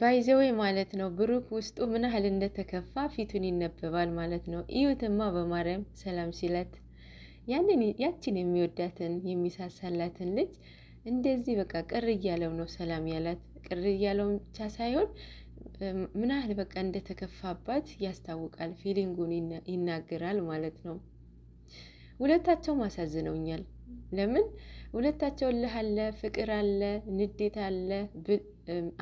ባይዘዌ ማለት ነው። ብሩክ ውስጡ ምን ያህል እንደተከፋ ፊቱን ይነበባል ማለት ነው። እዩትማ በማርያም ሰላም ሲለት ያንን ያችን የሚወዳትን የሚሳሳላትን ልጅ እንደዚህ በቃ ቅር እያለው ነው ሰላም ያላት። ቅር እያለው ብቻ ሳይሆን ምን ያህል በቃ እንደተከፋባት ያስታውቃል። ፊሊንጉን ይናገራል ማለት ነው። ሁለታቸውም አሳዝነውኛል። ለምን ሁለታቸው እልህ አለ፣ ፍቅር አለ፣ ንዴት አለ፣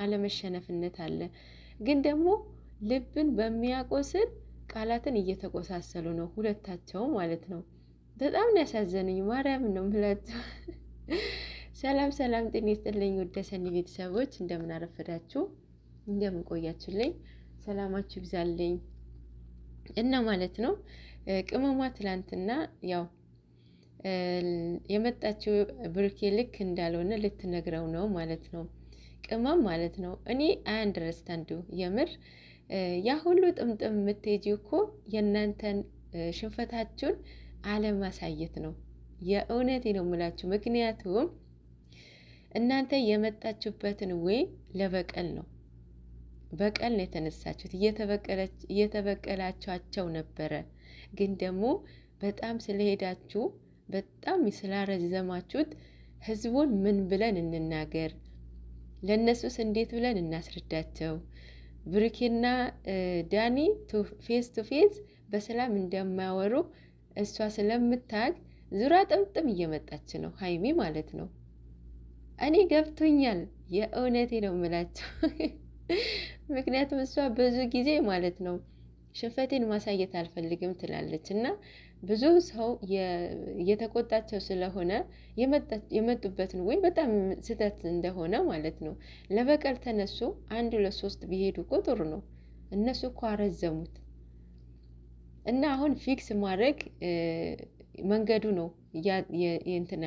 አለመሸነፍነት አለ። ግን ደግሞ ልብን በሚያቆስል ቃላትን እየተቆሳሰሉ ነው ሁለታቸው ማለት ነው። በጣም ነው ያሳዘኑኝ። ማርያም ነው ምላቸው። ሰላም ሰላም፣ ጤና ይስጥልኝ ቤተሰቦች፣ እንደምን አረፈዳችሁ፣ እንደምን ቆያችሁልኝ? ሰላማችሁ ይብዛልኝ እና ማለት ነው ቅመሟ ትላንትና ያው የመጣችው ብሩኬ ልክ እንዳልሆነ ልትነግረው ነው ማለት ነው። ቅመም ማለት ነው። እኔ አንደርስታንዱ የምር ያ ሁሉ ጥምጥም የምትሄጂ እኮ የእናንተን ሽንፈታችሁን አለማሳየት ነው። የእውነቴ ነው የምላችሁ። ምክንያቱም እናንተ የመጣችሁበትን ወይ ለበቀል ነው፣ በቀል ነው የተነሳችሁት። እየተበቀላችኋቸው ነበረ፣ ግን ደግሞ በጣም ስለሄዳችሁ በጣም ስላረዘማችሁት ህዝቡን ምን ብለን እንናገር? ለእነሱስ እንዴት ብለን እናስረዳቸው? ብሩኬና ዳኒ ፌስ ቱ ፌስ በሰላም እንደማያወሩ እሷ ስለምታግ ዙራ ጥምጥም እየመጣች ነው ሀይሚ ማለት ነው። እኔ ገብቶኛል፣ የእውነቴ ነው የምላቸው። ምክንያቱም እሷ ብዙ ጊዜ ማለት ነው ሽንፈቴን ማሳየት አልፈልግም ትላለች እና ብዙ ሰው የተቆጣቸው ስለሆነ የመጡበትን ወይ በጣም ስህተት እንደሆነ ማለት ነው። ለበቀል ተነሱ አንድ ለሶስት ሶስት ቢሄዱ እኮ ጥሩ ነው። እነሱ እኮ አረዘሙት እና አሁን ፊክስ ማድረግ መንገዱ ነው እንትን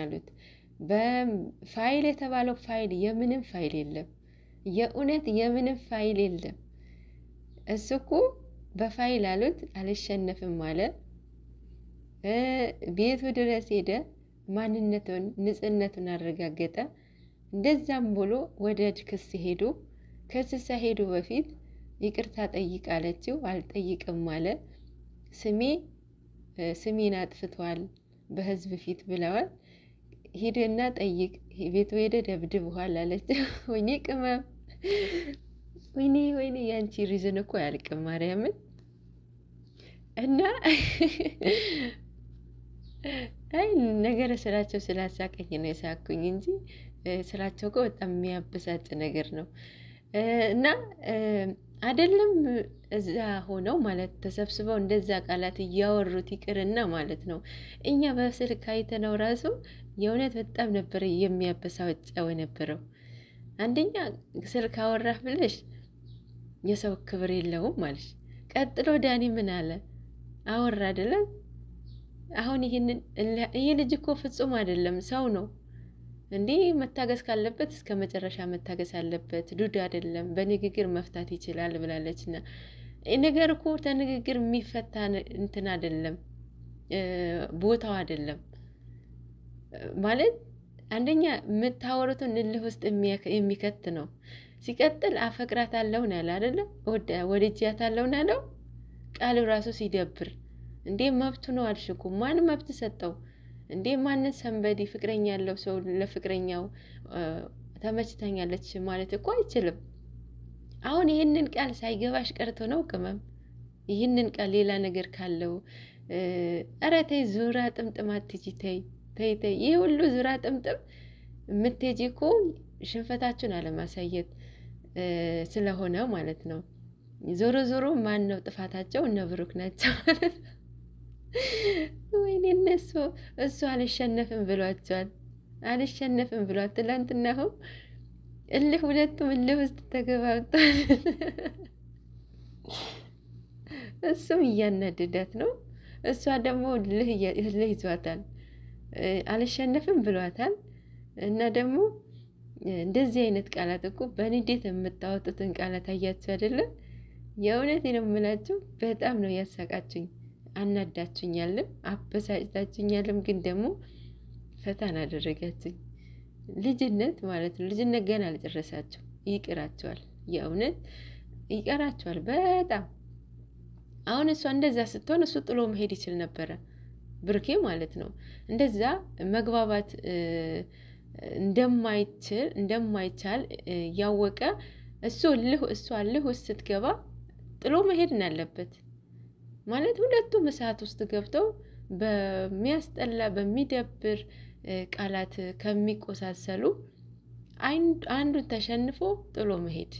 በፋይል የተባለው ፋይል የምንም ፋይል የለም። የእውነት የምንም ፋይል የለም። እሱ እኮ በፋይል አሉት አልሸነፍም ማለት ቤቱ ድረስ ሄደ፣ ማንነቱን ንጽህነቱን አረጋገጠ። እንደዛም ብሎ ወደ ክስ ሄዱ። ክስ ሳይሄዱ በፊት ይቅርታ ጠይቅ አለችው። አልጠይቅም አለ። ስሜ ስሜን አጥፍቷል በህዝብ ፊት ብለዋል። ሂድና ጠይቅ፣ ቤቱ ሄደ ደብድበዋል አለችው። ወይኔ ቅመም፣ ወይኔ ወይኔ፣ ያንቺ ሪዝን እኮ ያልቅም ማርያምን እና አይ ነገር ስራቸው ስላሳቀኝ ነው የሳኩኝ እንጂ ስራቸው እኮ በጣም የሚያበሳጭ ነገር ነው። እና አይደለም እዛ ሆነው ማለት ተሰብስበው እንደዛ ቃላት እያወሩት ይቅርና ማለት ነው እኛ በስልክ አይተነው ራሱ የእውነት በጣም ነበር የሚያበሳጨው የነበረው። አንደኛ ስልክ አወራህ ብለሽ የሰው ክብር የለውም ማለሽ። ቀጥሎ ዳኒ ምን አለ አወራ አይደለም አሁን ይህንን ይህ ልጅ እኮ ፍጹም አይደለም ሰው ነው እንዴ! መታገስ ካለበት እስከ መጨረሻ መታገስ አለበት። ዱድ አይደለም በንግግር መፍታት ይችላል ብላለችና ነገር እኮ ተንግግር የሚፈታ እንትን አይደለም ቦታው አይደለም ማለት አንደኛ የምታወሩትን እልህ ውስጥ የሚከት ነው። ሲቀጥል አፈቅራት አለውን ያለ አይደለም ወድጃት አለውን ያለው ቃሉ ራሱ ሲደብር እንዴ መብቱ ነው አልሽኩ። ማን መብት ሰጠው እንዴ? ማንን ሰንበዲ ፍቅረኛ ያለው ሰው ለፍቅረኛው ተመችተኛለች ማለት እኮ አይችልም። አሁን ይህንን ቃል ሳይገባሽ ቀርቶ ነው ቅመም። ይህንን ቃል ሌላ ነገር ካለው ኧረ ተይ ዙራ ጥምጥም አትሂጂ። ተይ ተይ ተይ። ይህ ሁሉ ዙራ ጥምጥም የምትሄጂ እኮ ሽንፈታችሁን አለማሳየት ስለሆነ ማለት ነው። ዞሮ ዞሮ ማን ነው ጥፋታቸው? እነ ብሩክ ናቸው ማለት ነው። ወይኔ እነሱ እሱ አልሸነፍም ብሏቸዋል። አልሸነፍም ብሏት ትላንትና አሁን እልህ ሁለቱም እልህ ውስጥ ተገባብቷል። እሱም እያናደዳት ነው፣ እሷ ደግሞ እልህ ይዟታል። አልሸነፍም ብሏታል እና ደግሞ እንደዚህ አይነት ቃላት እኮ በንዴት የምታወጡትን ቃላት አያችሁ አይደለም? የእውነት ነው የምላችሁ፣ በጣም ነው ያሳቃችኝ። አናዳችኛልም፣ አበሳጭታችሁኛልም፣ ግን ደግሞ ፈታን አደረጋችሁኝ። ልጅነት ማለት ነው። ልጅነት ገና ልጨረሳቸው ይቅራቸዋል የእውነት ይቀራቸዋል በጣም አሁን እሷ እንደዛ ስትሆን እሱ ጥሎ መሄድ ይችል ነበረ፣ ብርኬ ማለት ነው። እንደዛ መግባባት እንደማይችል እንደማይቻል እያወቀ እሱ ልህ እሷ ልህ ውስጥ ስትገባ ጥሎ መሄድ እናለበት። ማለት ሁለቱም እሳት ውስጥ ገብተው በሚያስጠላ በሚደብር ቃላት ከሚቆሳሰሉ አንዱን ተሸንፎ ጥሎ መሄድ